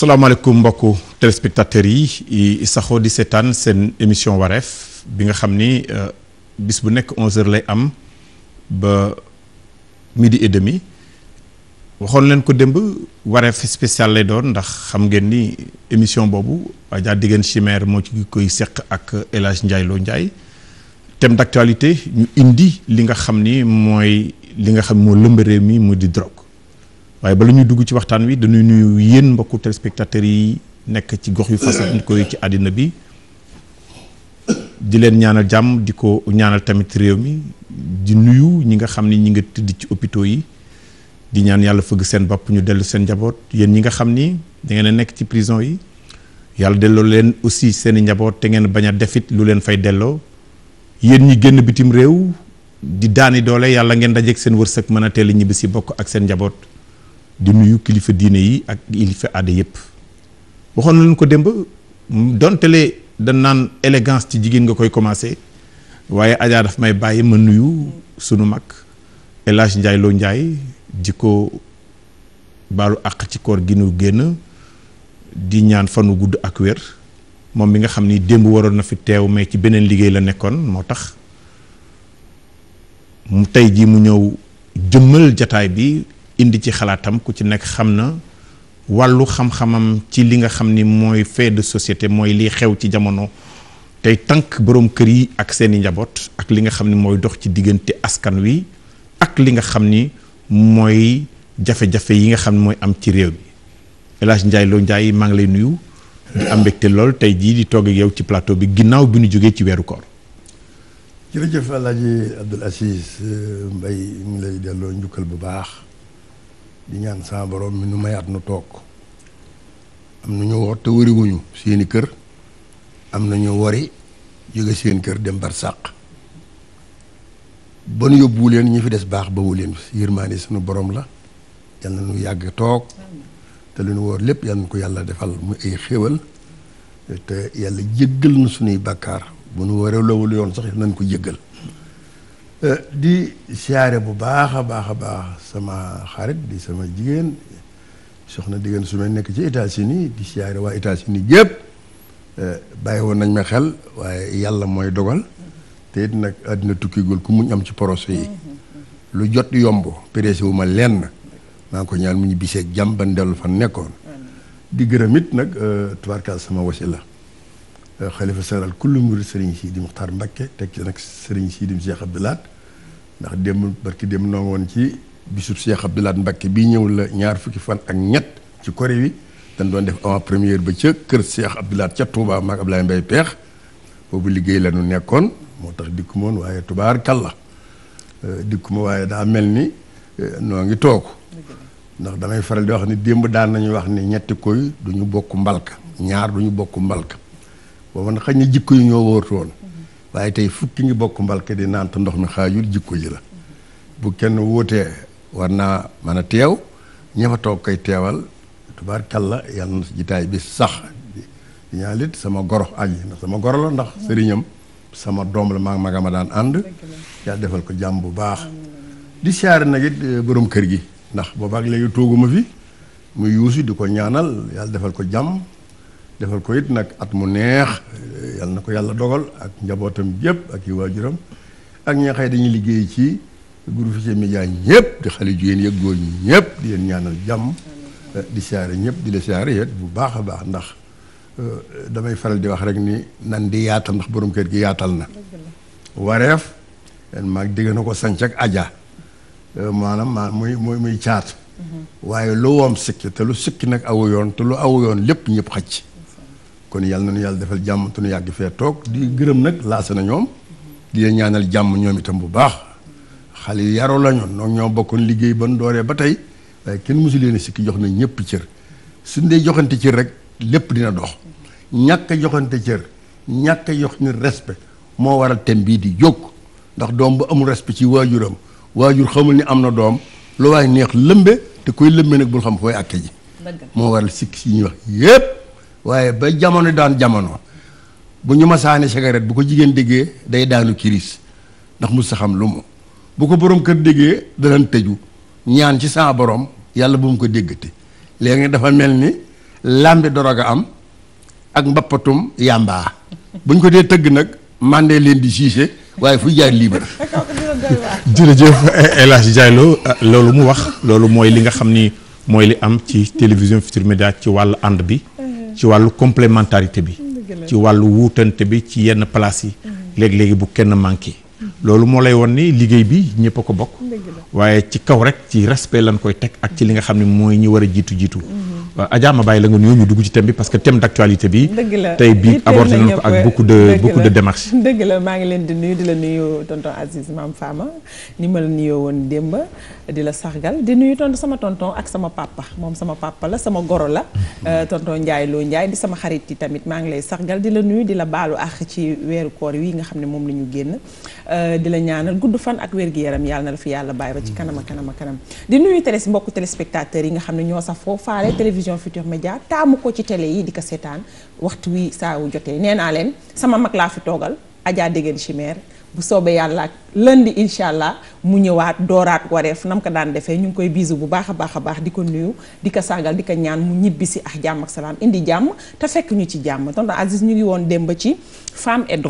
salaamaaleykum mbokku téléspectateurs yi saxoo di seetaan seen émission wareef bi nga xam ni euh, bis bu nekk 11h lay am ba midi et demi waxoon leen ko démb wareef spécial lay doon ndax xam ngeen ni émission boobu Adja Digène Chimère moo ci koy seq ak El Hadj Ndiaye Lo Ndiaye actualité ñu indi li nga xam ni mooy li nga xam moo lëmb mi mu di drogue. waaye ba lu ñuy dugg ci waxtaan wi dañuy nuyu yéen mbokku téléspectateurs yi nekk ci gox yu façon koy ci àddina bi di leen ñaanal jàmm di ko ñaanal tamit réew mi di nuyu ñi nga xam ni ñi nga tëdd ci hôpitaux yi di ñaan yàlla fëgg seen bopp ñu dellu seen njaboot yéen ñi nga xam ni da ngeen a nekk ci prison yi yàlla delloo leen aussi seen i njaboot te ngeen bañ a defit lu leen fay delloo yéen ñi génn bitim réew di daani doole yàlla ngeen dajeeg seen wërsëg mën a teel ñibbi si bokk ak seen njaboot di nuyu kilifa diine yi ak kilifa aada yëpp waxoon nañu ko démb dontele da naan élégance ci jigéen nga koy commencé waaye Adja daf may bàyyi ma nuyu sunu mag El Hadj Ndiaye Lo Ndiaye di ko baalu àq ci koor gi nu génn di ñaan fanu gudd ak wér moom mi nga xam ni démb waroon na fi teew mais ci beneen liggéey la nekkoon moo tax mu tey ji mu ñëw jëmmal jataay bi indi ci xalaatam ku ci nekk xam na wàllu xam-xamam ci li nga xam ni mooy fait de société mooy lii xew ci jamono tey tànk boroom kër yi ak seeni njaboot ak li nga xam ni mooy dox ci diggante askan wi ak li nga xam ni mooy jafe-jafe yi nga xam ni mooy am ci réew mi El Hadj Ndiaye Lo Ndiaye maa ngi lay nuyu di am mbégte lool tey jii di togg yow ci plateau bi ginnaaw bi ñu jógee ci weeru koor jërëjëf Alaaji Abdoul euh, lay delloo njukkal bu baax di ñaan sama borom mi nu mayaat nu toog am na ñu woor te wariwuñu seeni kër am na ñu wari jóge seen kër dem bar sàq ba nu yóbbuwu leen ñi fi des baax bawu leen yërmaane sunu boroom la yal na nu yàgg toog te lu nu woor lépp yal na ko yàlla defal mu ay xéwal te yàlla jéggal na sunuy bàkkaar bu nu waree lawul yoon sax nañ ko jéggal Euh, di siyaare bu baax a baax a baax sama xarit di sama jigéen soxna diggéen su ma nekk ci États-Unis di siyaare waa États-Unis yëpp euh, bàyyi woon nañ ma xel waaye yàlla mooy dogal te it nag àddina tukkigul ku muñ am ci procès yi lu jot yomb pressé wu ma lenn maa ko ñaan mu ñu biseeg jàmm ban dellu fan nekkoon di gërëm it nag euh, tubaarkaal sama la xalifa seeral kullu murid sëriñ di Muxtaar Mbakke teg ci nag sëriñ Sidi Cheikh Abdou Lahad ndax démb barki démb noo woon ci bisub Cheikh Abdoulaye Mbacké bii ñëw la ñaar fukki fan ak ñett ci kori wi dañ doon def avant première ba ca kër Cheikh Abdoulaye ca Touba maag lay mbay Peex boobu liggéey la ñu nekkoon moo tax dikku moon waaye tubaar kàlla euh, dikku ma waaye daa mel ni euh, noo ngi toog ndax damay faral di wax ni démb daan nañu wax ni ñetti koy du ñu bokk mbalka ñaar du ñu bokk mbalka booba nag xëy na jikk yi ñoo wóortu woon waaye tey fukki ngi bokk mbalka di naan te ndox mi xaajul jikko ji la bu kenn wootee war naa man a teew ña fa toog koy teewal tubaarkalla yàlla na jitaay bi sax di ñaalit sama goro aji ndax sama goro la ndax sëriñam sama doom la maa magama daan ànd yàlla defal ko jàmm bu baax di siyaare nag it eh, borom kër gi ndax boobaak léegi tooguma fi mu yuusu di ko ñaanal yàlla defal ko jàmm defal ko it nag at mu neex yal na ko yàlla dogal ak njabootam yëpp ak i waajuram ak ñi dañuy liggéey ci groupe Futurs Médias ñëpp di xale jigéen yëg góor ñëpp di leen ñaanal jàmm di siyaare ñëpp di la siyaare yet bu baax a baax ndax euh, damay faral di wax rek ni nan di yaatal ndax borom kër gi yaatal na wareef maa dégg na ko sanc ak aja euh, maanaam maa muy muy muy caat mhm. waaye lu woom sikki te lu sikki nag awu yoon te lu awu yoon lépp ñëpp xaj kon yàlla na nu yàlla defal jàmm te nu yàgg fee toog di gërëm nag laasana ñoom di ñaanal jàmm ñoom itam bu baax xale yi yaroo la ñoon noonu ñoo bokkoon liggéey ban dooree ba tey waaye kenn musu leen sikki jox na ñëpp cër suñ dee joxante cër rek lépp dina dox ñàkk joxante cër ñàkk a jox ni respect moo waral thème bii di jóg ndax doom bu amul respect ci waajuram waajur xamul ni am na doom lu waaye neex lëmbe te koy lëmbe nag bul xam fooy àtte ji moo waral ñuy wax yépp waaye ba jamono daan jamono bu ñu masaane cigarette bu ko jigéen déggee day daanu kiris ndax mu saxam lu mu bu ko borom kër déggee danañ tëju ñaan ci saa borom yàlla bu mu ko déggati léegi dafa mel ni làmbi doroga am ak mbappatum yàmbaa buñ ko dee tëgg nag mandee leen di siise waaye fu jaay libre jërëjëf El Hadji loolu mu wax loolu mooy li nga xam ni mooy li am ci télévision Futurs Médias ci wàllu ànd bi ci wàllu complémentarité bi ci wàllu wuutante bi ci yenn place yi mm-hmm. léegi-léegi bu kenn manqué loolu moo lay won ni liggéey bi ñëpp ko bokk waaye ci kaw rek ci respect lañ koy teg ak ci li nga xam ne mooy ñi war a jiitu jiitu mm-hmm. waaw Adja ma bàyyi la nga nuyoo ñu dugg ci thème bi parce que thème d'actualité bi tey bii abordé nañu ko ak beaucoup de beaucoup de la maa ngi leen di nuyu di la nuyu tonton Aziz maam Fama ni ma la nuyoo woon démb di la sargal di nuyu sama tonton ak sama papa moom sama papa sama goro la mm-hmm. euh, tonton Ndiaye Lo Ndiaye di sama xarit yi tamit maa ngi lay sargal di la nuyu di la baalu àq ci weeru koor wi nga xam ne moom la ñu génn Euh, di la ñaanal gudd fan ak wér gi yaram yàlla na la fi yàlla bàyyi ba ci kanam ak kanam ak kanam di nuyu télé mbokku téléspectateurs yi nga xam ne ñoo sax foo faale télévision Futurs Médias taamu ko ci télé yi di ko seetaan waxtu wi saa jotee nee naa leen sama mag laa fi toogal Adja Dégène Chimère bu soobee yàlla ak lundi incha allah mu ñëwaat dooraat wareef nam ko daan defee ñu ngi koy bisu bu baax a baax a baax di ko nuyu di ko saagal di ko ñaan mu ñibbi si ak jàmm ak indi jàmm te fekk ci jàmm tonton Aziz ñu ngi woon démb ci femme et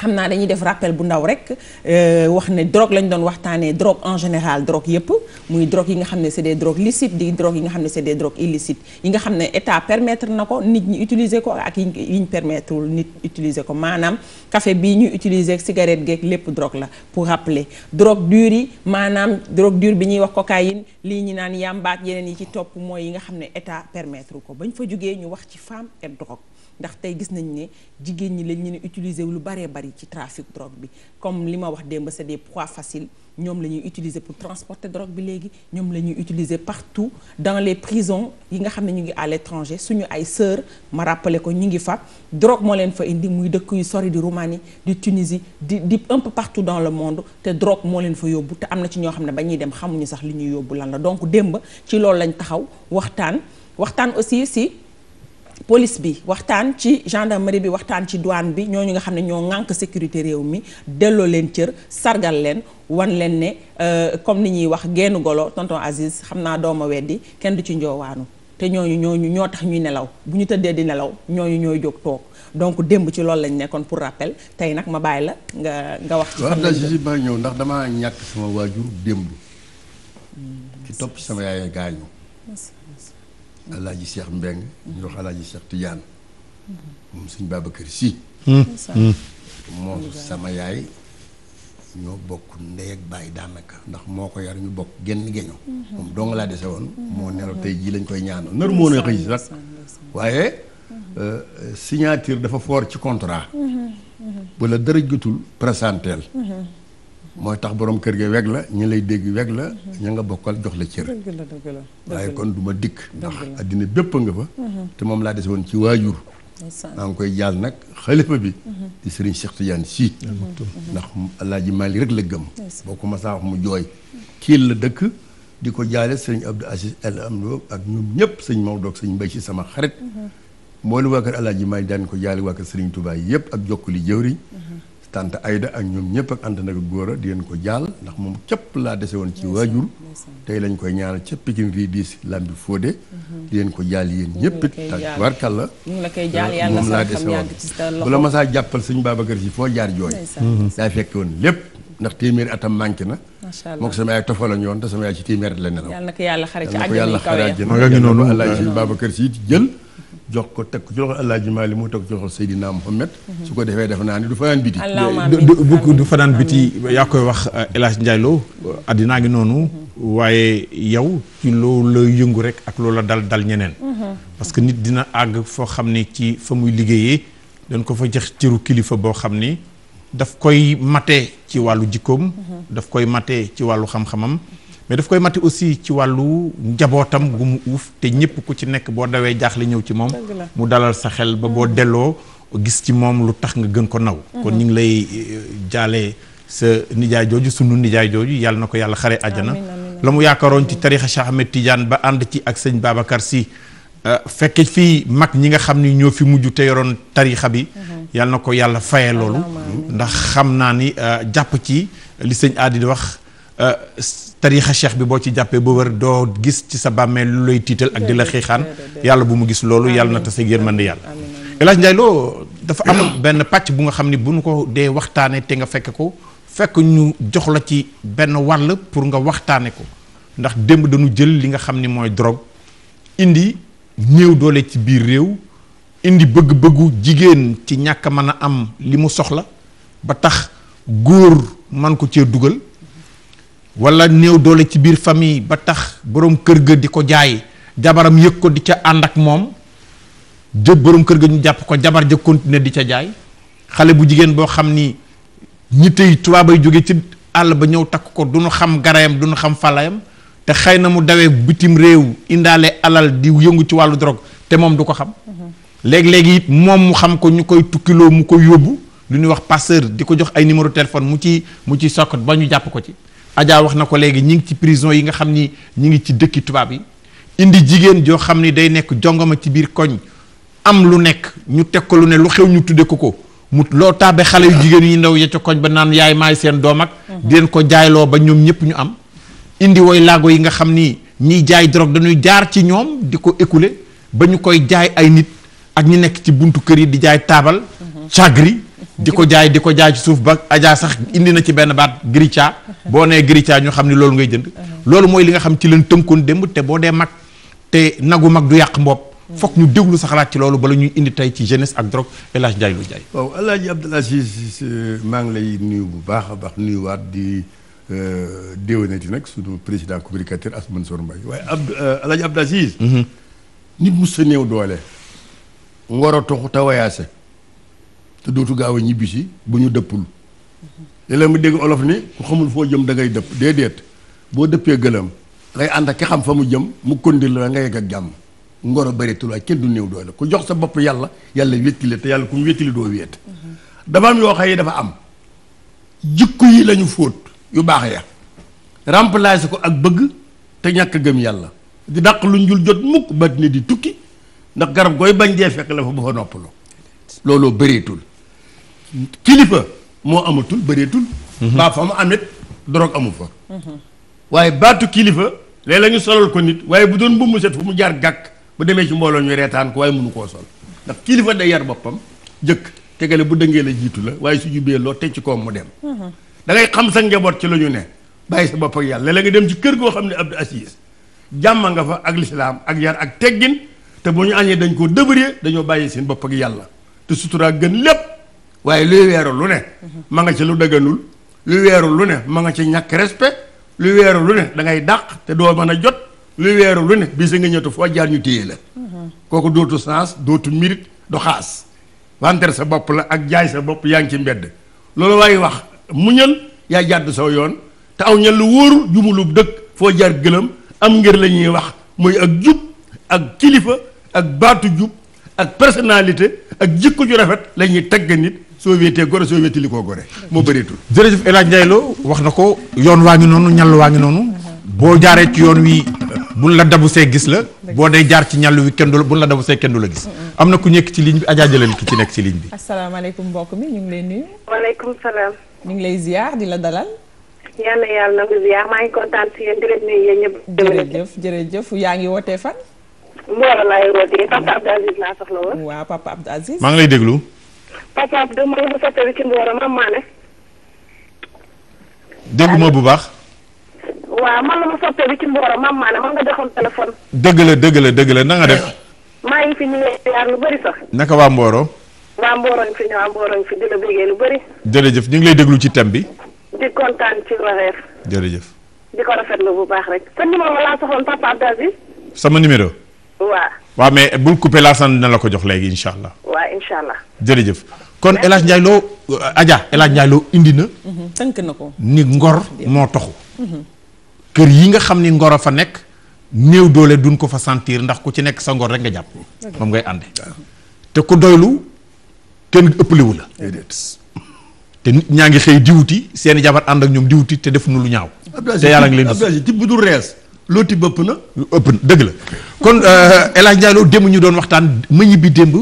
xam naa dañuy def rappel bu ndaw rek euh, wax ne drogue lañu doon waxtaanee drogue en général drogue yëpp muy drogue yi nga xam ne c'est des drogues licites di drogue yi nga xam ne c'est des drogues illicites yi nga xam ne état permettre na ko nit ñi utiliser ko ak yi ñu permettreul nit utiliser ko maanaam café bii ñuy utiliser cigarette geeg lépp drogue la pour rappeler drogue dure yi maanaam drogue dure bi ñuy wax cocaïne lii ñu naan yàmbaat yeneen yi ci topp mooy yi nga xam ne état permettre ko bañ fa jógee ñu wax ci femme et drogue ndax tey gis nañ ne jigéen ñi lañ ñu ne utiliser lu baree bari ci trafic drogue bi comme li ma wax démb c'est des proies faciles ñoom la ñuy utiliser pour transporter drogue bi léegi ñoom la ñuy utiliser partout dans les prisons yi nga xam ne ñu ngi à l'étranger suñu ay sœur ma rappelé ko ñu ngi fa drogue moo leen fa indi muy dëkk yu sori di Roumanie di Tunisie di di un peu partout le monde te drogue moo leen fa yóbbu te am na ci ñoo xam ne ba dem xamuñu sax li ñuy yóbbu lan la donc démb ci loolu lañ taxaw waxtaan waxtaan aussi si police bi waxtaan ci gendarmerie bi waxtaan ci douane bi ñooñu nga xam ne ñoo ŋànk sécurité réew mi delloo leen cër sargal leen wan leen ne euh, comme ni ñuy wax génn golo tonton Aziz xam naa dooma weddi kenn du ci njoowaanu te ñooñu ñooñu ñoo tax ñuy nelaw bu ñu tëddee di nelaw ñooñu ñooy jóg toog donc démb ci loolu lañ nekkoon pour rappel tey nag ma bàyyi la nga nga wax. ci fan lañ ba ñëw ndax dama ñàkk sama waajur démb. ci hmm. topp sama yaay gaañu. alaaji Cheikh Mbeng ñu wax alaaji Cheikh Tidiane moom suñ Babacar Si hmm. hmm. moom sama yaay ñoo bokk ndey ak bàyyi daanaka ndax moo ko yar ñu bokk genn geño hmm. moom dong laa dese woon moo nelaw tey jii lañ koy ñaanal nar moo na xëy si sax waaye euh, signature dafa foor ci contrat bu la dara jotul présenteel moo tax boroom kër gi weg la ñu lay dégg weg la mhm. ña nga bokkal jox la cër waaye kon du ma dikk ndax addina bépp nga fa mhm. te moom laa dese woon ci waajur maa ngi koy jaal nag xalifa mhm. di sëriñ Cheikh Tidiane Sy ndax alaaji Maali rek la gëm boo ko masaa wax mu jooy kiil la dëkk di ko jaale sëriñ Abdou Aziz El Amdo ak ñoom ñëpp sëñ Maodo ak sëñ Mbay si sama xarit mboolu waa kër alaaji Maali daan ko jaale waa kër sëriñ Touba yëpp ak jokkuli jëwriñ tante Aida ak ñoom ñëpp ak ànd nag góor a di leen ko jàll ndax moom képp laa dese woon ci waajur tey lañ koy ñaanal ca Pikine rue 10 Lambi Fodé di leen ko jàll yéen ñëpp it tawarkal la moom laa dese woon bu la masaa jàppal suñu Babacar si foo jaar jooy daa fekk woon lépp ndax téeméeri atam manqué na mook sama yaay tofala ñoon te sama yaay ci téeméeri la nelaw yàlla na ko yàlla xare ci àjjana yu kaw ya maa ngi noonu allah suñu Babacar si jël jox ko teg ko ci loxo Alaaji Maali mu teg ci loxo Seydina Mohamed. Mhm. su ko defee defe naa ni du fanaan biti. biti yaa koy wax eh, El Hadj Ndiaye ngi noonu. Mhm. waaye yow ci loolu la yëngu rek ak loolu la dal dal ñeneen. Mhm. parce que nit dina àgg foo xam ne ci fa muy liggéeyee dañ ko fa jox cëru kilifa boo xam ni daf koy mate ci wàllu jikkoom. daf koy mate ci wàllu xam-xamam. mais daf koy mati aussi ci wàllu njabootam gu mu uuf te ñëpp ku ci nekk boo dawee jaaxle ñëw ci moom mu dalal sa xel ba boo mm. delloo gis ci moom lu tax nga gën ko naw mm-hmm. kon ñu ngi lay euh, jaalee sa nijaay jooju sunu nijaay jooju yàlla na ko yàlla xare àjjana la mu yaakaaroon ci tarixa Cheikh Ahmed Tidiane ba ànd ci ak sëñ Babacar Sy euh, fekke fii mag ñi nga xam ni ñoo fi mujj te yoroon tarixa bi mm-hmm. yàlla na ko yàlla faye loolu ndax xam naa ni euh, jàpp ci li sëñ aadi di wax Euh, tariixa cheikh bi boo ci jàppee ba wër doo gis ci sa bàmmeel lu lay tiital ak di la xiixaan yàlla bu mu gis loolu yàlla na tase ak yërmande yàlla El Hadj Ndiaye dafa am benn pàcc bu nga xam ni bu nu ko dee waxtaanee te nga fekk ko fekk ñu jox la ci benn wàll pour nga waxtaane ko ndax démb dañu jël li nga xam ni mooy drogue indi ñëw doole ci biir réew indi bëgg-bëggu jigéen ci ñàkk mën a am li mu soxla ba tax góor man ko cee dugal wala néew doole ci biir famille ba tax boroom kër ga di ko jaay jabaram yëg ko di ca ànd ak moom jë boroom kër ga ñu jàpp ko jabar ja continuer di ca jaay xale bu jigéen boo xam ni ñi tey tubaabay jóge ci àll ba ñëw takk ko du ñu xam garayam du ñu xam falayam te xëy na mu dawee bitim réew indaale alal di yëngu ci wàllu drogue te moom du ko xam mm-hmm. léeg-léegi it moom mu xam ko ñu koy tukkiloo mu koy yóbbu lu ñuy wax passeur di ko jox ay numéro téléphone mu ci mu ci ba ñu jàpp ko ci Adja wax na ko léegi ñi ngi ci prison yi nga xam ni ñi ngi ci dëkki tubaab yi indi jigéen joo xam ni day nekk jongama ci biir koñ am lu nekk ñu teg ko lu ne lu xew ñu tudde ko ko mu loo taabe xale yu jigéen yi ndaw ya ca koñ ba naan yaay may seen doom ak mhm. di leen ko jaayloo ba ñoom ñëpp ñu am indi woy laago yi nga xam ni ñiy jaay drogue dañuy jaar ci ñoom di ko écouler ba ñu koy jaay ay nit ak ñu nekk ci buntu kër yi di jaay taabal mhm. cagri di ko jaay di ko jaay ci suuf ba ajaa sax indi na ci benn baat grica boo nee grica ñu xam ne loolu ngay jënd loolu mooy li nga xam ci leen tënkoon démb te boo dee mag te nagu mag du yàq mbopp foog ñu déglu sa xalaat ci loolu bala ñuy indi tey ci jeunesse ak drogue El Hadj Ndiaye lu jaay waaw El Hadj maa ngi lay nuyu bu baax a baax nuyuwaat di euh, déwénati nag suñu président communicateur As Mansour Mbaye waaye ab euh, El Hadj Abdoul Aziz mhm. nit mu sa néew doole. ngor a toxu te dootu gaaw a ñibbisi bu ñu dëppul léeg-léeg mu dégg olof ni ku xamul foo jëm da ngay dëpp déedéet boo dëppee gëlëm ngay ànd ak ki xam fa mu jëm mu kondil la nga yegg ak jàmm ngoro a bëreetul waaye kenn du néew doole ku jox sa bopp yàlla yàlla wéttile te yàlla ku mu wéttile doo wéet dafa am yoo xam dafa am jikko yi lañu fóot yu baax ya remplacer ko ak bëgg te ñàkk gëm yàlla di dàq lu njul jot mukk bat ne di tukki ndax garab gooy bañ dee fekk la fa ba fa kilifa moo amatul bëreetul. Mhm. baa fa mu amit drogue amu fa. Mhm. waaye baatu kilifa léeg-léeg solal ko nit waaye bu doon mbubb set fu mu jaar gàkk bu demee ci mbooloo ñuy reetaan ko waaye munu koo sol ndax kilifa day yar boppam jëkk tegale bu dëngee la jiitu la waaye su jubee loo teg ci koom mu dem. Mhm. da xam sa njaboot ci la ñu ne bàyyi sa bopp ak yàlla léeg-léeg nga dem ci kër goo xam ne Abdou Aziz jàmm nga fa ak lislaam ak yar ak teggin te bu ñu añee dañ koo dëbëree dañoo bàyyi seen bopp ak yàlla te sutura gën lépp. waaye luy weeru lu ne ma nga ci lu dëgganul luy weeru lu ne ma nga ci ñàkk respect luy weeru lu ne dangay dàq te doo mën a jot luy weeru lu ne bi si nga ñëtu foo jaar ñu téye la kooku dootu sens dootu mérite doxaas xaas wanteer sa bopp la ak jaay sa bopp yaa ngi ci mbedd loolu waaye wax mu muñal yaa jàdd saw yoon te aw ñal lu wóoru jumulub dëkk foo jaar gëlëm am ngir la ñuy wax muy ak jub ak kilifa ak baatu jub ak personnalité ak jikko ju rafet la ñuy tagg nit soo wéetee gore soo wéeti li koo gore moo bëreetul jërëjëf El Hadj Ndiaye wax na ko yoon waa ngi noonu ñal waa ngi noonu boo jaaree ci yoon wi buñ la dabu see gis la boo dee jaar ci ñàll wi kenn du la la dabu see kenn du la gis am na ku nekk ci ligne bi Adja jëlal ki ci nekk ci ligne bi asalaamaaleykum bokk mi ñu ngi lay nuyu waaleykum salaam ñu ngi lay ziar di la dalal yàlla yàlla nangu ziar maa yaa ngi wootee fan Mboro laay wootee papa Abdou laa soxla woon. waaw papa Abdou maa ngi lay déglu. papa Abdou dégguma bu baax. waaw man la ma soppee bi ci Mboro maam man nga joxoon téléphone. dëgg la dëgg la dëgg la na def. maa ngi fi ñu yaar lu bëri sax. naka waa Mboro. waa Mboro ñu fi ñëw waa Mboro ñu fi di la bëggee lu bëri. jërëjëf ñu ngi lay déglu ci thème bi. di kontaan ci Wareef. jërëjëf. di ko rafetlu bu baax rek. sa numéro laa soxoon papa Abdou numéro. waaw mais bul coupé Lassane dina la ko jox léegi incha allah. waaw incha jërëjëf kon El Hadj loo euh, Adja El Hadj Ndiaye loo indi na. Mm-hmm. tënk na ko. ni ngor moo taxu. Mm-hmm. kër yi nga xam ni ngor a fa nekk néew doole duñ ko fa sentir ndax ku ci nekk sa ngor rek nga jàpp. moom ngay ànde te ku doylu kenn ëppalewu la. te nit ñaa ngi xëy diwuti seen i jabar ànd ak ñoom diwuti te defuñu lu ñaaw. te yàlla ngi leen di. bu dul rees. looti bëpp na ëpp na dëgg la kon euh, El Hadj Ndiaye Lo démb ñu doon waxtaan ma ñibbi démb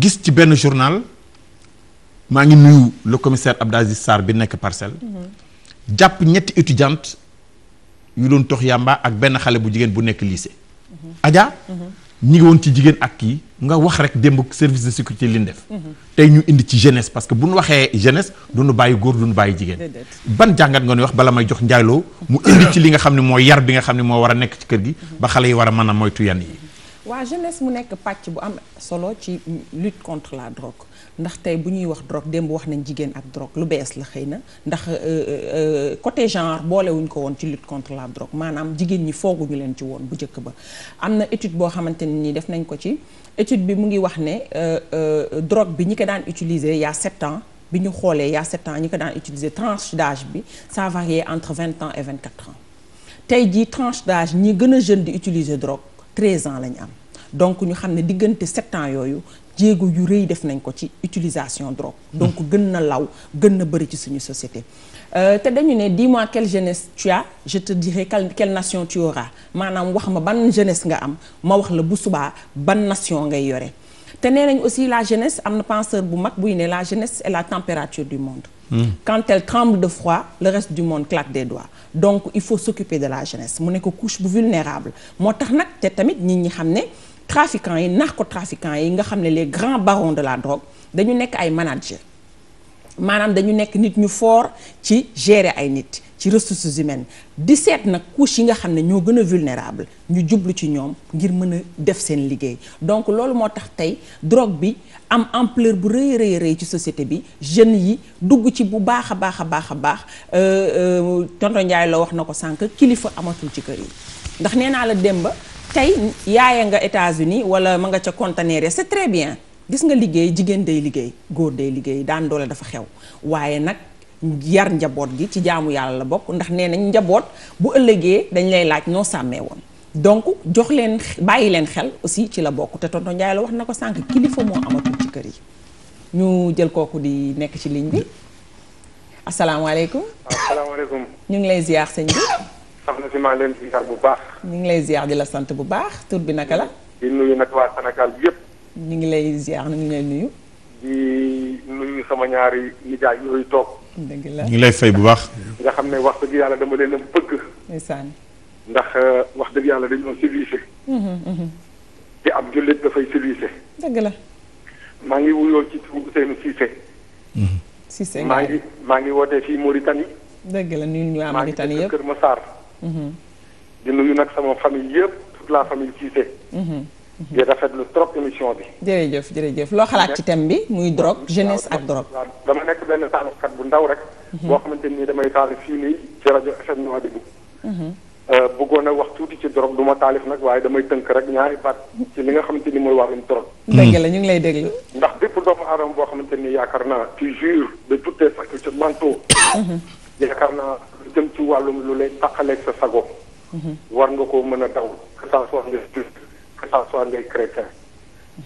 gis ci benn journal maa ngi nuyu le commissaire Abdou Aziz bi nekk parcelle mhm. jàpp ñetti étudiante yu doon tox yàmba ak benn xale bu jigéen bu nekk lycée mhm. Adja mhm. ñi woon ci jigéen ak kii nga wax rek démb service de sécurité li ñu def. Mhm. tey ñu indi ci jeunesse parce que bu ñu waxee jeunesse du ñu bàyyi góor du bàyyi jigéen. ban jàngat nga ñuy wax bala may jox njaayloo mu indi ci li nga xam ne mooy yar bi nga xam ne moo war a nekk ci kër gi. ba xale yi war a mën a moytu yan yi. waa jeunesse mu nekk pàcc bu am solo ci lutte contre la drogue ndax tey bu ñuy wax drogue démb wax nañ jigéen ak drogue lu bees la xëy na ndax euh, euh, euh, côté genre boolewuñ ko woon ci lutte contre la drogue maanaam jigéen ñi fooguñu leen ci woon bu njëkk ba am na étude boo xamante ne nii def nañ ko ci étude bi mu ngi wax ne drogue bi ñi ko daan utiliser y a sept bi ñu xoolee y a sept ans ñi ko daan utiliser tranche d'âge bi ça entre vingt ans et vingt quatre ans tey jii tranche ñi gën a jeune di utiliser drogue treize ans lañ am donc ñu xam ne diggante sept ans yooyu jéego yu rëy def nañ ko ci utilisation drop hmm. donc gën na law gën na bëri ci suñu société euh, te dañu ne dis-moi quelle jeunesse tu as je te quelle nation tu auras maanaam wax ma ban jeunesse nga am ma wax la bu subaa ban nation ngay yore te nee nañ aussi la jeunesse am na penseur bu mag buy ne la jeunesse est la température du monde. Hmm. quand elle tremble de froid le reste du monde claque des doigts donc il faut s'occuper de la jeunesse mu nekk couche bu vulnérable moo tax nag te tamit nit ñi xam ne trafiquants yi ko narcotrafiquants yi nga xam ne les grands barons de la drogue dañu nekk ay manager maanaam dañu nekk nit ñu foor ci gérer ay nit ci ressources humaines di seet nag couche yi nga xam ne ñoo gën a vulnérable ñu jublu ci ñoom ngir mën a def seen liggéey donc loolu moo tax tey drogue bi am ampleur bu rëy rëy rëy ci société bi jeunes yi dugg ci bu baax a baax a baax a baax euh, euh, tonton Ndiaye la wax na ko sànq kilifa amatul ci kër yi ndax nee naa la démb tey yaaya nga États-Unis wala ma nga ca conteneur c'est très bien gis nga liggéey jigéen day liggéey góor day liggéey daan doole dafa xew waaye nag yar njaboot gi ci jaamu yàlla la bokk ndax nee nañ njaboot bu ëllëgee dañ lay laaj noo sàmmee woon donc jox leen bàyyi leen xel aussi ci la bokk te tonton la wax na ko sànq kilifa moo amatul ci kër yi ñu jël kooku di nekk ci ligne bi asalaamaaleykum. Ah, asalaamaaleykum. ñu ngi lay ziar sëñ bi. soxna si maa leen ziar bu baax. ñu ngi lay ziar di la sant bu baax bi naka la. ñu ngi lay ziar ñu ngi lay nuyu. di nuyu sama ñaari nijaay yooyu toog. dëgg la ñu ngi lay fay bu baax. nga xam ne wax dëgg yàlla dama leen a bëgg. ndeysaan. ndax euh, wax dëgg yàlla dañoo civilisé. Mhm, mhm. te ab jullit dafay civilisé. dëgg la. maa ngi wuyoo ci turu Ousseynou Cissé. Mhm. Cissé maa ngi maa ngi wootee fii Mauritanie. dëgg la nuyu ñu waa Mauritanie yëpp maa ngi Kër Massar. di nuyu nag sama famille yëpp toute la famille Cissé. di rafetlu trop émission bi. jërëjëf jërëjëf loo xalaat ci thème bi muy drogue jeunesse ak drogue. dama nekk benn taalifkat bu ndaw rek. Mhm. boo xamante ni damay taalif fii nii ci rajo FM Nouadhibou. Mhm. Euh, bëggoon a wax tuuti ci drogue du ma taalif nag waaye damay tënk rek ñaari baat ci li nga xamante ni mooy wàllum drogue. dëgg la ñu ngi lay déglu. ndax bépp doomu aadama boo xamante ni yaakaar naa tu de toutes les facultés mhm. yaakaar naa lu jëm ci wàllum lu lay taqaleeg sa sago. war nga koo mën a daw que que ça soit ngay chrétien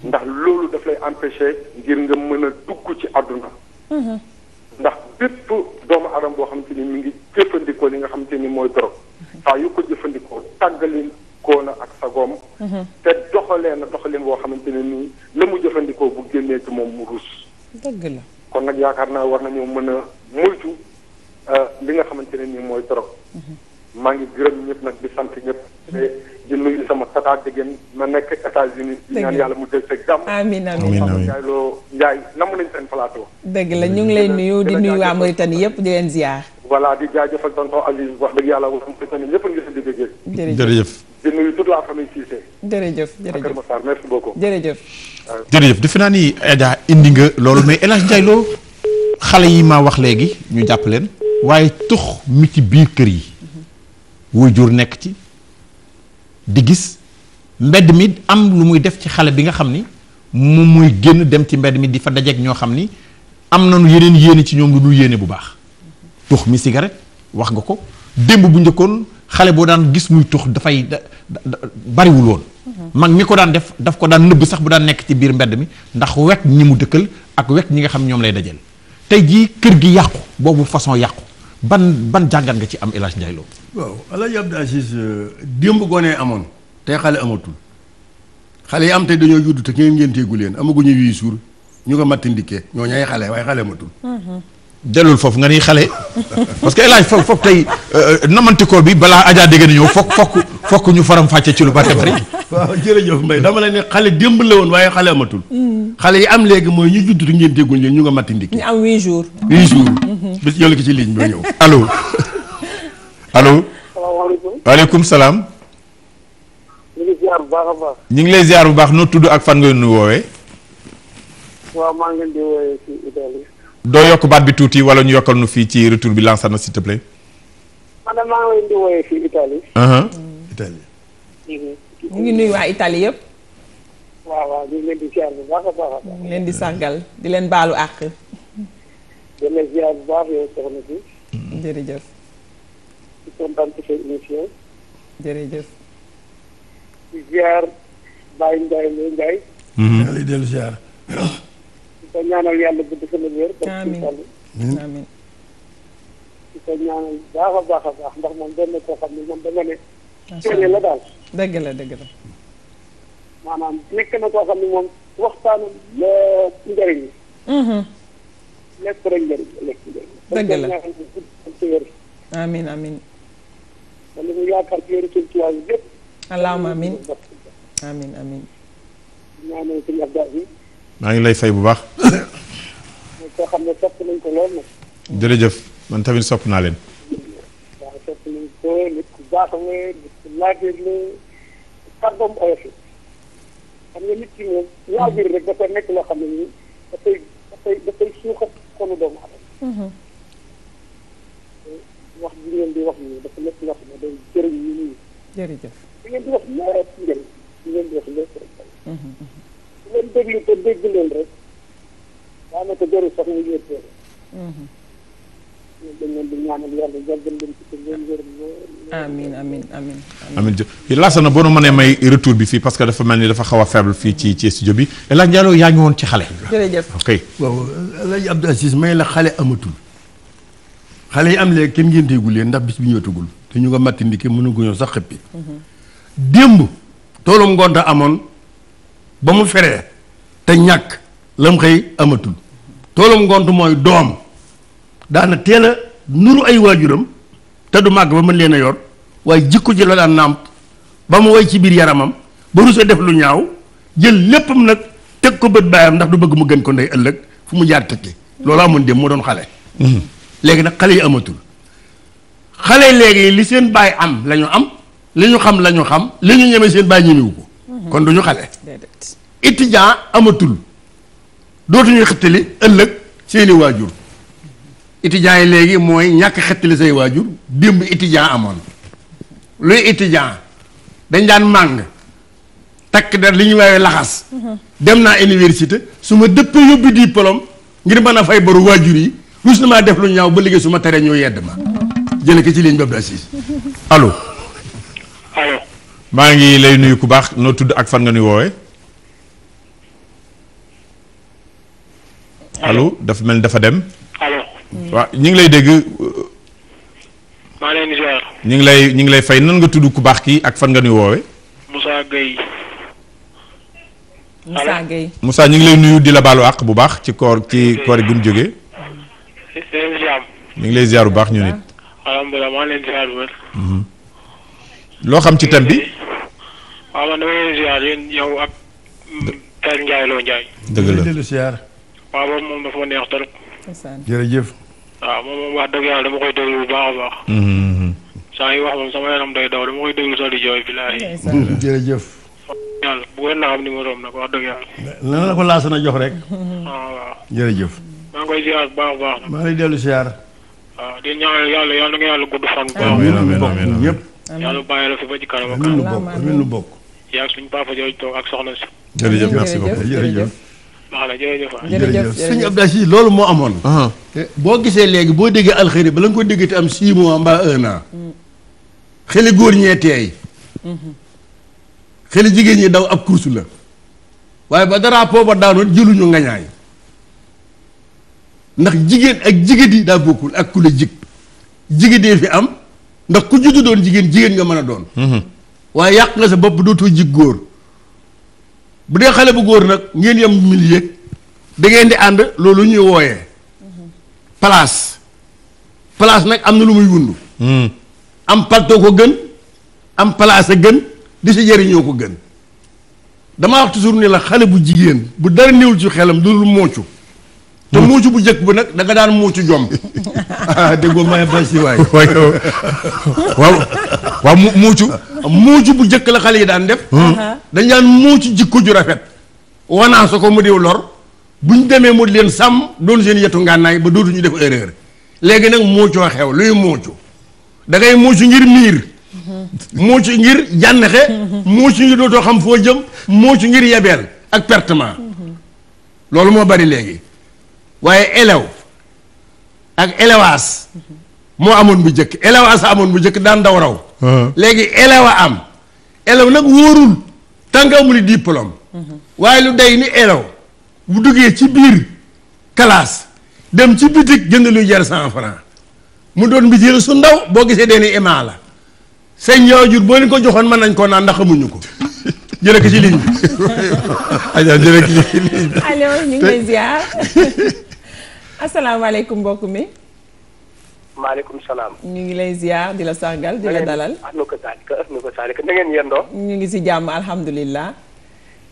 ndax loolu dafa lay empêcher ngir nga mën a dugg ci àdduna mhm. ndax bépp doomu aadama boo xamante ni mu ngi jëfandikoo li nga xamante ni mooy drogue mhm. saa yu ko jëfandikoo tàggali koo ak sagoom mhm. te doxalee na doxaleen boo xamante ne nii la mu jëfandikoo bu génnee ci moom mu rus dëgg la kon nag yaakaar naa war nañoo mën a moytu euh, li nga xamante ne nii mooy drogue maa ngi gërëm ñëpp nag di sant ñëpp di nuyu sama tata Degen ma nekk États-Unis di yàlla mu dégg ak jàmm. amiin amiin amiin Ndiaye loo Ndiaye namm ñu ngi lay nuyu di nuyu waa yëpp di leen ziar. voilà di jaajëfal tonton dëgg yàlla wax Mauritanie ñëpp ngi si di déggee. jërëjëf di nuyu toute la famille Cissé. jërëjëf euh, defe naa ni Aida indi nga loolu mais El Hadj Ndiaye xale yi ma wax léegi ñu jàpp leen waaye tux mi ci biir kër yi mhm. wuy jur nekk ci di gis mbedd mi am lu muy def ci xale bi nga xam ni mu muy génn dem ci mbedd mi di fa dajeeg ñoo xam ni am nañu yeneen yéene ci ñoom lu dul yéene bu baax tux mi cigarette wax nga ko démb bu njëkkoon xale boo daan gis muy tux dafay da bariwul woon mhm. mag mi ko daan def daf ko daan nëbb sax bu daan nekk ci biir mbedd mi ndax wekk ñi mu dëkkal ak wekk ñi nga xam ñoom lay dajal tey jii kër gi yàqu boobu façon yàqu ban ban jàngat nga ci am El Hadj Ndiaye Lo. waaw El Hadj Abdou Aziz euh, démb gone amoon tey xale amatul xale yi am tey dañoo judd ngeen ngeen leen amaguñu huit jours ñu ko matti ndikkee ñoo ñay xale waaye xale amatul. Mhm. dellul foofu nga ni xale parce que El Hadj foofu foofu tey euh, euh, namantikoor bi balaa Adja dégg na ñëw fokk fokk ñu faram fàcce ci lu bari bari. waaw jërëjëf Mbaye dama la ne xale démb la woon waaye xale amatul. Mhm. xale yi am léegi mooy ñu judd te ngeen teegu leen ñu nga matti ndikkee. ñu am huit jours. huit bis jël ki ci ligne bi ñëw allo allo. salaamaaleykum waaleykum salaam. ñu ngi ziar bu baax a baax. ñu lay ziar bu baax noo tudd ak fan nga nu woowee. doo yokk baat bi tuuti wala ñu yokkal nu fii ci retour bi lancer na s'il te plaît. ngi leen di woowee ci Italie. Uh-huh. Mm. Mm-hmm. waa Italie leen di ziar di leen baalu àq. di la ziar bu baax yow soxna si. Mm. jërëjëf. di kontaan ci sa émission. jërëjëf. di ziar Baye Ndiaye Lo Ndiaye. Mm-hmm. maa dellu ziar. di ko ñaanal yàlla gudd fan ak wér. amiin amiin ko ñaanal baax a baax a baax ndax moom benn koo xam ne moom dama ne. macha la daal. dëgg la dëgg la. maanaam nekk koo xam ne lépp rek njëriñ lekk njëriñ. dëgg la amiin amiin. wala ñu yaakaar ci yéen seen tuwaay yëpp. allahumma amiin amiin amiin. ñaanal sëñ Abdou bi. maa ngi lay fay bu baax. koo xam ne sopp nañ ko lool nag. jërëjëf man tamit sopp naa leen. waaw sopp nañ ko nit ku baax la nit ku laajee la kàddoom oyof yi xam nga nit ki moom ñaar biir rek dafa nekk loo xam ne nii dafay dafay dafay suuxat. xolu doomu aadama. Mhm. wax bi ngeen di wax nii dafa nekk wax ne day jëriñ ñu nii. jërëjëf li ngeen di wax lépp njëriñ li ngeen di wax lépp rek. su ngeen déglu te dégg leen rek daanaka jarul sax mu yéeg dañ leen di ñaanal yàlla boo nu may retour bi fii parce que dafa mel ni dafa xaw a faible fii ci ci studio bi El Hadj yaa ngi woon ci xale jërëjëf ok waaw may la xale amatul xale yi am léegi kenn ngénteegu leen ndax bis bi ñëwatagul te ñu nga matti ndiki mënu guñoo sax xëppi mhm. démb toolum ngonta amoon ba mu feree te ñàkk lam xëy amatul toolum ngont mooy doom daana teel a nuru ay waajuram te du màgg ba mën leen a yor waaye jikko ji la daan nàmp ba mu way ci biir yaramam ba rusa def lu ñaaw jël léppam nag teg ko bët baayam ndax du bëgg mu gën ko ndey ëllëg fu mu jaar tëkki loolu amoon dem moo doon xale mhm. léegi nag xale yi amatul xale léegi li seen baay am lañu am li ñu xam lañu xam li ñu ñeme seen baay ñu ñemewu ko mhm. kon du ñu xale étudiant amatul dootuñu xëttali ëllëg seeni waajur étudiants yi léegi mooy ñàkk xettali say waajur démb étudiant amoon luy étudiant dañ daan màng takk der li ñu woowee laxas dem naa université su ma dëpp di polom ngir mën a fay boru waajur yi rus na maa def lu ñaaw ba liggéey su ma teree ñu yedd ma jële ko ci ligne bi Abdou Aziz allo allo maa ngi lay nuyu ku baax noo tudd ak fan nga nuy woowee allo dafa mel ni dafa dem Mm. waaw ñu ngi lay dégg. maa leen di ñu ngi lay ñu ngi lay fay nan nga tudd ku baax kii ak fan nga nuy woowee. Moussa Gueye. Moussa Gueye Moussa ñu ngi lay nuyu di la baalu àq bu baax ci koor ci koor gi mu jógee. ñu ngi lay ziar bu baax ñu nit. alhamdulilah maa leen ziar bu mhm. loo xam ci thème bi. waaw man dama leen ziar yéen yow ak. Père Ndiaye Lo Ndiaye. dëgg la jërëjëf. waaw ah, moom moom wax dëgg yàlla dama koy déglu bu baax a baax. Mm-hmm. saa yi wax moom sama yaram day daw dama koy déglu sax di jooy bilaahi. Mm-hmm. jërëjëf. yàlla bu wér naa xam numéro wax dëgg yàlla. la ko laas rek. Ah, jërëjëf. maa ngi koy ziar bu baax a baax. maa ngi lay dellu ziar. waaw ah, di ñaanal yàlla yàlla nga yàlla gudd fan. bu baax amiin amiin yàlla bàyyi la fi ba ci kanam ak kanam. amiin lu bokk ak soxna si. voilà jërëjëf jërëjëf sëñ Abdou Si loolu moo amoon. boo gisee léegi boo déggee alxëri ba la nga ko dégg te am 6 mois mbaa 1 an. góor ñee teey. xeli jigéen ñi daw ab course la. waaye ba daraa ba daanoon jëluñu ngañaay ndax jigéen ak jigéen yi daa bokkul ak ku jig jigéen dee fi am ndax ku juddu doon jigéen jigéen nga mën a doon. Mhm. waaye yàq nga sa bopp dootoo jig góor. bu dee xale bu góor nag ngeen yem milieu da di ànd loolu ñuy wooyee place place nag am na lu muy wund hmm. am palto ko gën am place a gën di si jëriñoo ko gën damaa wax toujours ni la xale bu jigéen bu dara néewul ci xelam loolu moocu te hmm. muucu bu njëkk bi nag danga nga daan muucu jomb ah déggoo Maya Bassi waay. waaw waaw mu muucu. muucu bu njëkk la xale yi daan def. Hmm. dañ daan muucu jikko ju rafet. wanaaso ko mu diw lor buñ demee mu leen sàmm doon seen yetu ngànnaay ba dootuñu def erreur léegi nag muucoo xew luy muucu da ngay muucu ngir miir. Mhm. muucu ngir jànnexe. Mhm. muucu ngir dootoo xam foo jëm. muucu ngir yabeel ak pertement. Mhm. loolu moo bari léegi waaye elew ak élevage moo amoon bu njëkk élevage amoon bu njëkk daan daw raw uh-huh. léegi élève am élève nag wóorul tànk amul diplôme uh-huh. waaye lu day ni élève bu duggee ci biir classe dem ci bitik jënd luy jar cent franc mu doon bitik su ndaw boo gisee dee ni ima la seen yow boo leen ko joxoon mën nañ koo naan ndax amuñu ko jële ko ci ligne bi. aywa ñu ngi lay asalaamaaleykum mbokk mi. maaleykum salaam. ñu ngi lay ziar di la sargal di la dalal. Ah, na ngeen yendoo ñu ngi ci jàmm alhamdulilah.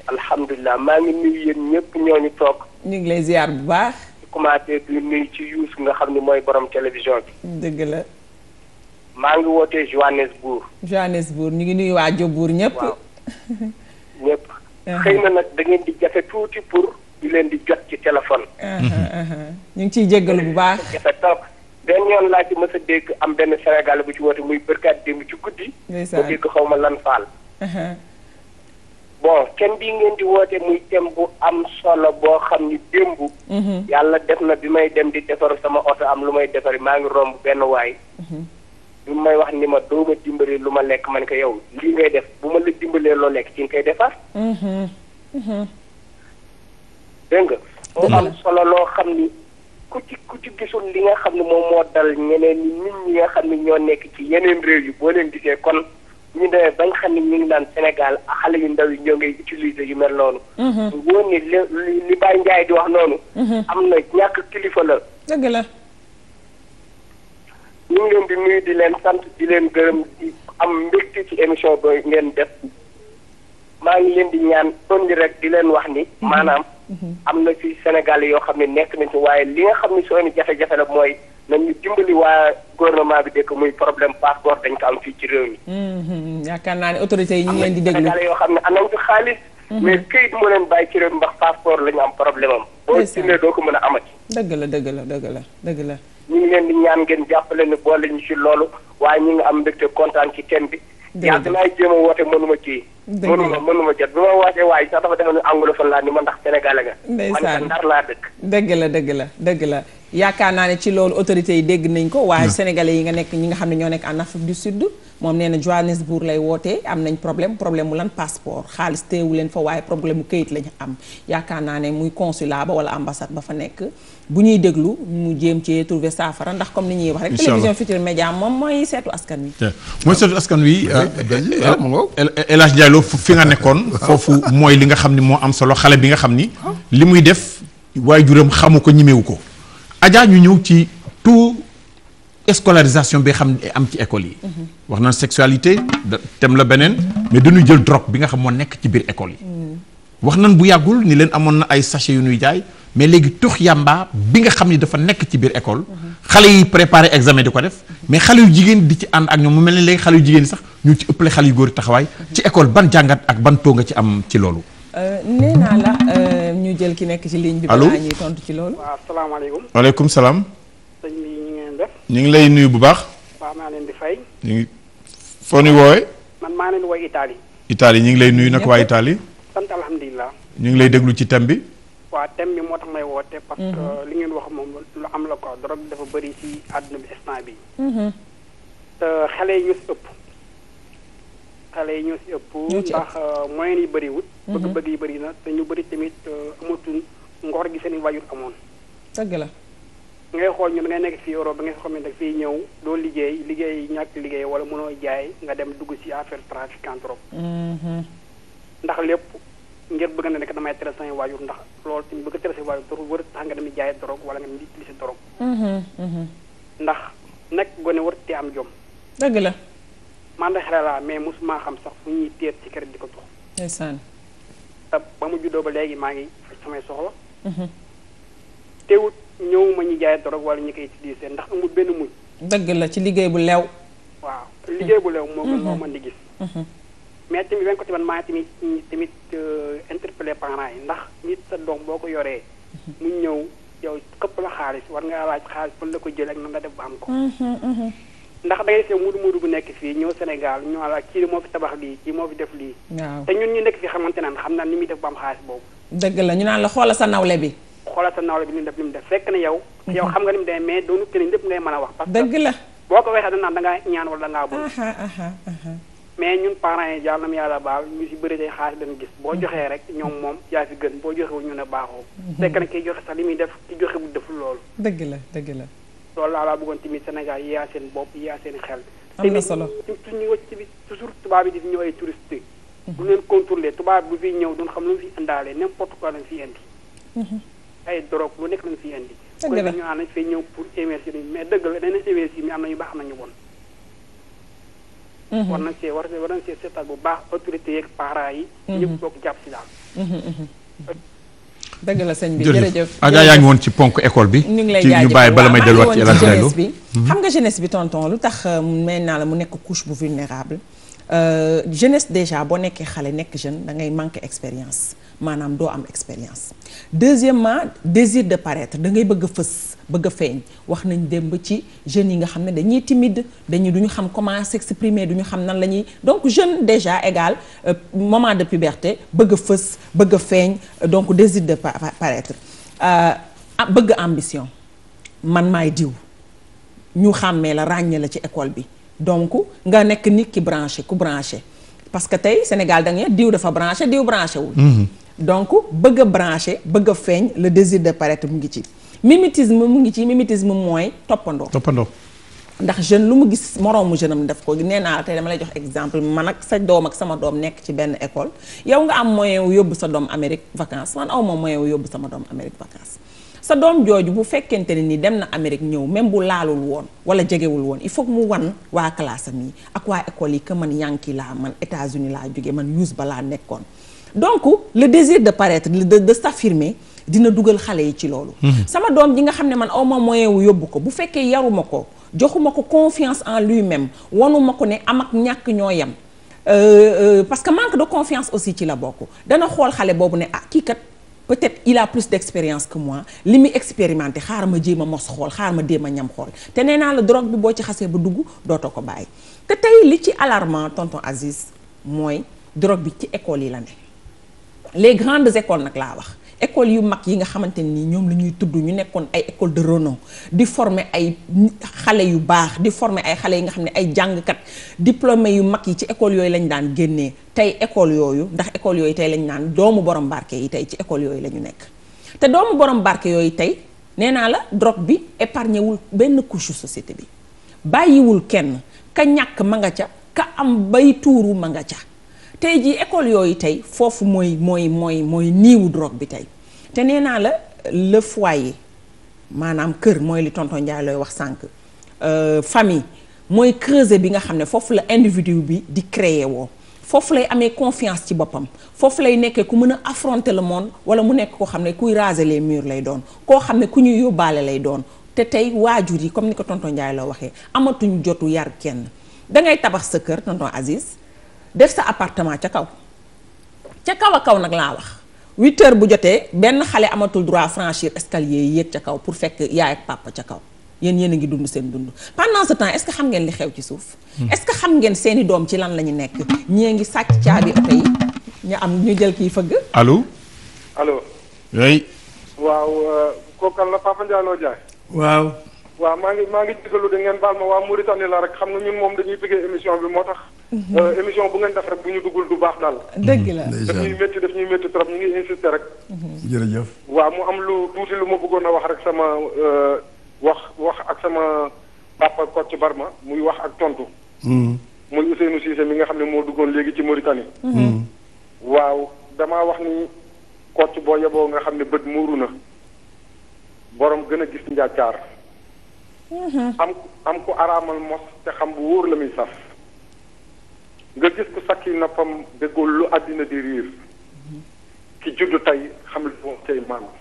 alhamdulilah maa ngi nuyu yéen ñëpp ñooñu toog. ñu ngi lay ziar bu baax. commencé di nuyu ci Youssou nga xam ni mooy borom télévision bi. dëgg la. maa ngi wootee Johannesburg. Johannesburg ñu ngi nuyu waa Jobour ñëpp. ñëpp. Uh-huh. xëy na nag da di jafe tuuti pour. di leen di jot ci téléphone. ñu ngi ciy jéggalu bu baax. benn yoon laa ci mës a dégg am benn Sénégal bu ci woote muy bërkaat démb ci guddi. ndeysaan ba dégg xaw ma lan faal. Uh-huh. bon kenn bii ngeen di woote muy thème bu am solo boo xam ni démb. Uh-huh. yàlla def na bi may dem di defar sama oto am lu may defari maa ngi romb benn waay. Uh-huh. bi may wax ni ma doo ma dimbali lu ma lekk man ko yow lii ngay def bu ma la dimbalee loo lekk ci nga koy defar. dégg nga. mu am solo loo xam ni ku ci ku ci gisul li nga xam ne moom moo dal ñeneen ñi nit ñi nga xam ne ñoo nekk ci yeneen réew yi boo leen gisee kon ñu demee ba nga xam ne ñu ngi naan Sénégal xale yu ndaw yi ñoo ngay utiliser yu mel noonu. mu mhm. ni li li Baye Ndiaye di wax noonu. Mhm. am na ñàkk kilifa la. dëgg la. ñu ngi leen di di leen sant di leen gërëm am mbégte ci émission ba ngeen def maa ngi leen di ñaan tondi rek di leen wax ni maanaam. Mm-hmm. am na ci Sénégal yoo xam ne nekk nañ waaye li nga xam ne soo jafe-jafe la mooy nañu dimbali waa gouvernement bi dëkk muy problème passeport dañ ko am fii ci réew mi. Mm-hmm. yaakaar naa ne autorités yi ñu ngi leen di déglu am na Sénégal yoo xam ne am nañ ci xaalis. Mm-hmm. mais këyit moo leen bàyyi ci réew mi ndax passeport la ñu am problème am. boo simee doo ko mën a amati. dëgg la dëgg la dëgg la dëgg la. ñu leen di ñaan ngeen jàppale ne boole ñu ci loolu waaye ñu ngi am mbégte kontaan ci thème bi yàgg naa jéem a woote mënuma kii mënuma mënuma jot bi ma waajee waaye sax dafa defe ne anglophone laa ni ma ndax sénégalais nga ndeysaan ndar laa dëkk dëgg la dëgg la dëgg la yaakaar naa ne ci loolu autorités yi dégg nañ ko waaye ah. sénégalais yi nga nekk ñi nga xam ne ñoo nekk en Afrique du Sud moom nee na Johannesburg lay wootee am nañ problème problème mu lan passeport xaalis leen fa waaye problème mu këyit lañ am yaakaar naa ne muy consulat wala ambassade ba nekk bu ñuy déglu jéem ci saafara ndax comme ni ñuy wax rek télévision Futurs Médias moom mooy seetu askan wi eh, mooy seetu askan wi euh, El fi nga nekkoon foofu mooy li nga xam ni moo am solo xale bi nga xam ni ah. li muy def waaye juram xamu ko ñimewu ko Adja ñu ñëw ci tout escolarisation bi xam ne am ci école yi. wax naan sexualité thème la beneen mais dañuy jël drogue bi nga xam moo nekk ci biir école yi. Mm. wax nan bu yàggul ni leen amoon na ay sachet yu ñuy jaay mais léegi tux yàmba bi nga xam ni dafa nekk ci biir école mm-hmm. xale yi préparé examen di ko def mais xale yu jigéen di ci ànd ak ñoom mu mel ne léegi xale yu jigéen sax ñu ci ëppale xale yu góor taxawaay mm-hmm. ci école ban jàngat ak ban too nga ci am ci loolu euh, ñu jël ki nekk ci ligne bi. allo balaa ñuy tontu ci loolu. waaw salaamaaleykum. maaleykum salaam. sëñ bi ñu ngi ñu ngi lay nuyu bu baax. waaw maa leen di fay. ñu ngi foo ñu woowee. man maa leen woowee Italie. Italie ñu ngi lay nuyu nag waa Italie. sant alhamdulilah. ñu ngi lay déglu ci thème bi. waa thème bi moo tax may woote. parce que mhm. li ngeen wax moom lu am la ko bi dafa bari ci àdduna bi instant bi mhm. te xale yi ñu ëpp. xale yi ñoo si ëpp. ndax euh, moyens yi bëriwut. Mhm. bëgg-bëgg yi bëri na te ñu bëri tamit euh, amatuñ ngoor gi seen i waajur amoon. dëgg la. ngay xool ñoom ngay nekk fii Europe ba nga xam ne daf fiy ñëw doo liggéey liggéey ñàkk liggéey wala mënooy jaay nga dem dugg ci affaire trafic en drogue. Mhm. ndax lépp ngir bëgg na nekk damay tere say waajur ndax loolu tamit bëgg tere say waajur doro war tax nga dem jaay drogue wala nga dem di utiliser drogue. Mhm, ndax nag gone war am jom. dëgg la. man de xale mais mosuma xam sax fu ñuy teet ci kër di ko jox. ba mu juddoo ba léegi maa ngi faj samay soxla. Mhm. teewut ñëwuma ñu jaay dorog wala ñu koy utilisé ndax amul benn muñ. dëgg la ci liggéey bu lew. waaw liggéey bu lew moo gën mhm. moo mën di gis. Mhm. mais tamit benn ko man maa tamit tamit euh, interpellé parents yi ndax nit sa doom boo ko yoree. mu ñëw yow këpp la xaalis war ngaa laaj xaalis fan la ko jël ak nan la def ba am ko. ndax da ngay sew muudu muudu bu nekk fii ñëw Sénégal ñu la kii moo fi tabax lii ci moo fi def lii. waaw te ñun ñu nekk fi xamante naan xam naa ni muy def ba am xaalis boobu. dëgg la ñu naan la xoola sa nawle bi. xoola sa nawle bi ñu def li mu def fekk yow. Mhm. yow xam nga ni mu demee mais doonu kenn lépp ngay mën a dëgg la boo ko waxee da naan da ngaa ñaan wala da ngaa mais ñun parents yi jàll na mu yàlla baax ñu si bëri day xaalis dañu gis boo mhm. joxee rek ñoom moom yaa fi gën boo joxewul ñu ne baaxoo. Mhm. fekk na kiy joxe sax li muy def ki joxe bu deful loolu. dëgg la dëgg la loolu laa laa bëggoon tamit Sénégal yaa seen bopp yaa seen xel. am na solo tamit ñu toujours tubaab yi di ñëw ay touriste. Mhm. du leen contrôler tubaab bu fi ñëw duñ xam lu mu fi indaale n'importe quoi lañ fi indi. Mhm. ay drogue lu nekk lañ fi indi. dëgg la ñu naan dañ fay ñëw pour émerger mais dëgg la dañuy émerger mais am na ñu baax nañu bon. Mhm. war nañ see war nañ see seetal bu baax autorité yeeg parents yi. ñëpp bokk jàpp si daal. dëgg la sëñ bi jërëjëf Adja yaa ngi woon ci ponk école bi. ñu ngi lay jaajëfal ñu bàyyi bala may delluwaat ci El Hadj Diallo bi. Mhm. xam nga jeunesse bi tonton lu tax euh, mel naa la mu nekk couche bu vulnérable euh, jeunesse déjà boo nekkee xale nekk jeune dangay ngay manqué expérience. maanaam doo am expérience deuxièmement désir de paraître da ngay bëgg fës bëgg a feeñ wax nañ démb ci jeunes yi nga xam ne dañuy timide dañuy duñu xam comment s'exprimer duñu xam nan la ñuy donc jeune déjà égal euh, moment de puberté bëgg fës bëgg feeñ euh, donc désir de paraître euh, bëgg ambition man maay diw ñu xàmmee la ràññee la ci école bi donc nga nekk nit ki branché ku branché parce que tey Sénégal da nga diw dafa branché diw branché wul mm-hmm. donc bëgg a branché bëgg feeñ le désir de paraître mu ngi ci mimétisme mu ngi ci mimétisme mooy toppandoo toppandoo ndax jeune lu mu gis moroomu jeune am def ko nee naa tey dama lay jox exemple man ak sa doom ak sama doom nekk ci benn école yow nga am moyen wu sa doom Amérique vacances man aw ma moyen wu yóbbu sama doom Amérique vacances sa doom jooju bu fekkente ne ni dem na Amérique ñëw même bu laalul woon wala jegewul woon il faut mu wan waa classe am yi ak waa école yi man yanki laa man États-Unis laa jóge man yuus ba laa nekkoon donc le désir de paraître de de s'affirmer dina dugal xale yi ci loolu. Mhm. sama doom ji nga xam ne man aw ma moyen wu yóbbu ko bu fekkee yaruma ko joxuma ko confiance en lui-même wanuma ko ne am ak ñàkk ñoo yem. Euh, euh, parce que manque de confiance aussi ci la bokk dana xool xale boobu ne ah kii kat peut-être il a plus d'expérience que moi li muy expérimenté xaar ma jéem a mos xool xaar ma déem a ñam xool te nee naa la drogue bi boo ci xasee ba dugg dootoo ko bàyyi te li ci alarmant tonton Aziz mooy drogue bi ci école yi les grandes écoles nag laa wax école yu mag yi nga xamante nii ñoom la ñuy tudd ñu nekkoon ay école de renom di former ay xale yu baax di former ay xale yi nga xam ne ay jàngkat diplômé yu mag yi ci école yooyu lañu daan génnee tey école yooyu ndax école yooyu tey lañ naan doomu borom barke yi tey ci école yooyu la ñu nekk te doomu borom barke yooyu tey nee naa la drop bi épargné wul benn couche société bi bàyyiwul kenn ka ñàkk ma nga ca ka am bay tuuru ma nga ca tey jii école yooyu tey foofu mooy mooy mooy mooy niiwu drogue bi tey te nee naa la le foyer maanaam kër mooy li tonton Ndiaye looy wax sànq euh, famille mooy creuser bi nga xam ne foofu la individu bi di créer woo foofu lay amee confiance ci boppam foofu lay nekkee ku mën a affronter le monde wala mu nekk koo xam ne kuy raser les murs lay doon koo xam ne ku ñuy yóbbaale lay doon te tey waajur yi comme ni ko tonton Ndiaye loo waxee amatuñ jotu yar kenn dangay tabax sa kër tonton Aziz def sa appartement ca kaw ca kaw a kaw nag laa wax huit bu jotee benn xale amatul droit franchir escalier yi yéeg ca kaw pour fekk yaay ak papa ca kaw yéen yéen a ngi dund seen dund pendant ce temps est-ce que xam ngeen li xew ci suuf. Hmm. est-ce que xam ngeen seeni doom ci lan la ñu nekk ñee ngi sàcc caabi yi ñu am ñu jël kii fëgg. allo. allo. oui. waaw euh, kooku kan la Papa Ndiaye Lo Ndiaye. waaw. waaw maa ngi maa ngi jégalu da baal ma waa Mauritanie la xam nga ñun moom moo tax. Euh, émission bu ngeen def rek bu ñu duggul du baax daal. dëgg ñuy métti daf ñuy métti trop ñu ngi insister rek. Mm-hmm. waaw mu am lu tuuti lu ma bëggoon a wax rek sama euh, wax wax ak sama papa Kocc Barma muy wax ak tontu. Mm-hmm. muy Ousseynou Cissé mi nga xam ne moo duggoon léegi ci Mauritanie. Mm-hmm. waaw dama wax ni Kocc boo yeboo nga xam ne bët muuru na borom gën a gis njaacaar. am am ko araamal mos te xam bu wóor la muy saf. nga gis ku sakki noppam déggoo lu àddina di riir ki juddu tey xam lu moom tey maanaam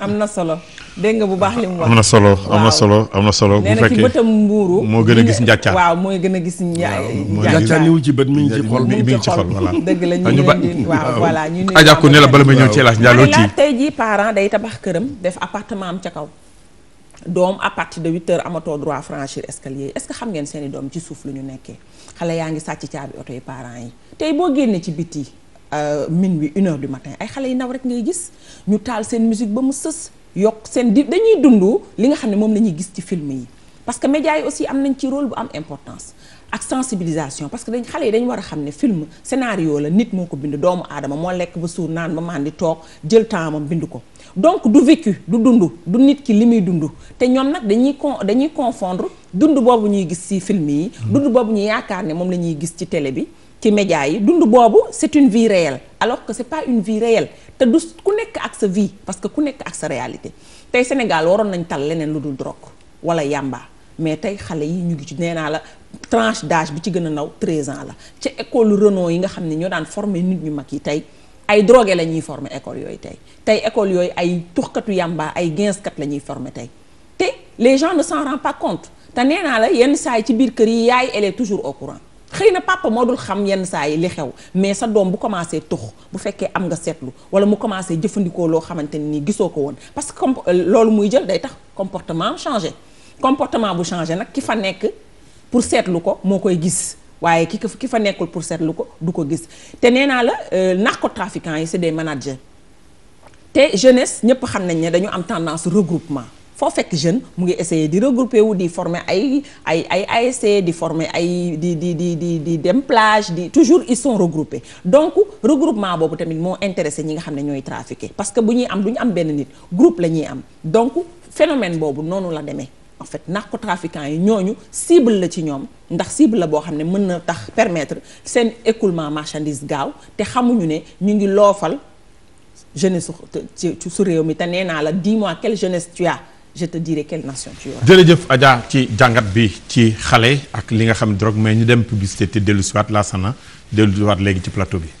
am na solo dégg bu baax li mu wax. am na solo am na solo am na solo. bu fekkee bëtam mbuuru. moo gën a gis njàccaar waaw mooy gën a gis. njàccaar li wu ci bët mi ngi ci xol mi ngi ci xol voilà. dëgg la ñu ah, leen di waaw voilà ñu ne. ajàkku ne la bala may ñëw ci laaj njàlloo ci. tey jii parent day tabax këram def appartement am ca kaw. doom à partir de huit heures amatoo droit franchir escalier yi est ce que xam ngeen seeni doom ci suuf lu ñu nekkee xale yaa ngi sàcc caabi oto yi parents yi tey boo génnee ci biti euh, minuit une heure du matin ay xale yi naw rek ngay gis ñu taal seen musique ba mu sës yokk seen di dañuy dund li nga xam ne moom la ñuy gis ci film yi parce que médias yi aussi am nañ ci rôle bu am importance ak sensibilisation parce que dañ xale yi dañ war a xam ne film scénario la nit moo ko bind doomu aadama moo lekk ba suur naan ba maan di toog jël temps bind ko donc du vécu du dund du nit ki li muy dund te ñoom nag dañuy con dañuy confondre dund boobu ñuy gis ci film yi mm-hmm. dund boobu ñu yaakaar ne moom la ñuy gis ci télé bi ci média yi dund boobu c'est une vie réelle alors que c'est pas une vie réelle te du ku nekk ak sa vie parce que ku nekk ak sa réalité tey Sénégal waroon nañ tal leneen lu dul drogue wala yàmba mais tey xale yi ñu ngi ci nee naa la tranche d'âge bi ci gën a ndaw 13 ans la ci école Renault yi nga xam ne ñoo daan former nit ñu mag yi tey ay drogué la ñuy former école yooyu tey tey école yooyu ay tuxkatu yàmba ay ginskat la ñuy former tey te les gens ne s'en pas compte te nee naa la yenn saa yi ci biir kër yi yaay elle toujours au courant xëy na papa moo dul xam yenn saa yi li xew mais sa doom bu commencé tux bu fekkee am nga seetlu wala mu commencé jëfandikoo loo xamante ne nii gisoo ko woon parce que euh, loolu muy jël day tax comportement changé comportement bu changé nag ki fa nekk pour seetlu ko moo koy gis waaye ki ki fa nekkul pour seetlu ko du ko gis te nee naa la euh, narcotrafiquants yi c'est des managers te jeunesse ñëpp xam nañ ne dañu am tendance regroupement foo fekk jeune mu ngi essayer di regrouper wu di former ay ay ay ASC di former ay di di di di di dem plage di toujours il sont regroupés donc regroupement boobu tamit moo intéressé ñi nga xam ne ñooy trafiqué parce que bu ñuy am du ñu am benn nit groupe la ñuy am donc phénomène boobu noonu la demee en fait narcotrafiquants yi ñooñu cible la ci ñoom ndax cible la boo xam ne mën na tax permettre seen écoulement marchandise gaaw te xamuñu ne ñu ngi loofal jeune su ci su réew mi te nee naa la dis-moi quelle jeunesse tu as je te dirai quelle nation tu auras. jërëjëf Adja ci jàngat bi ci xale ak li nga xam drogue mais ñu dem publicité te dellusiwaat la sana dellusiwaat léegi ci plateau bi.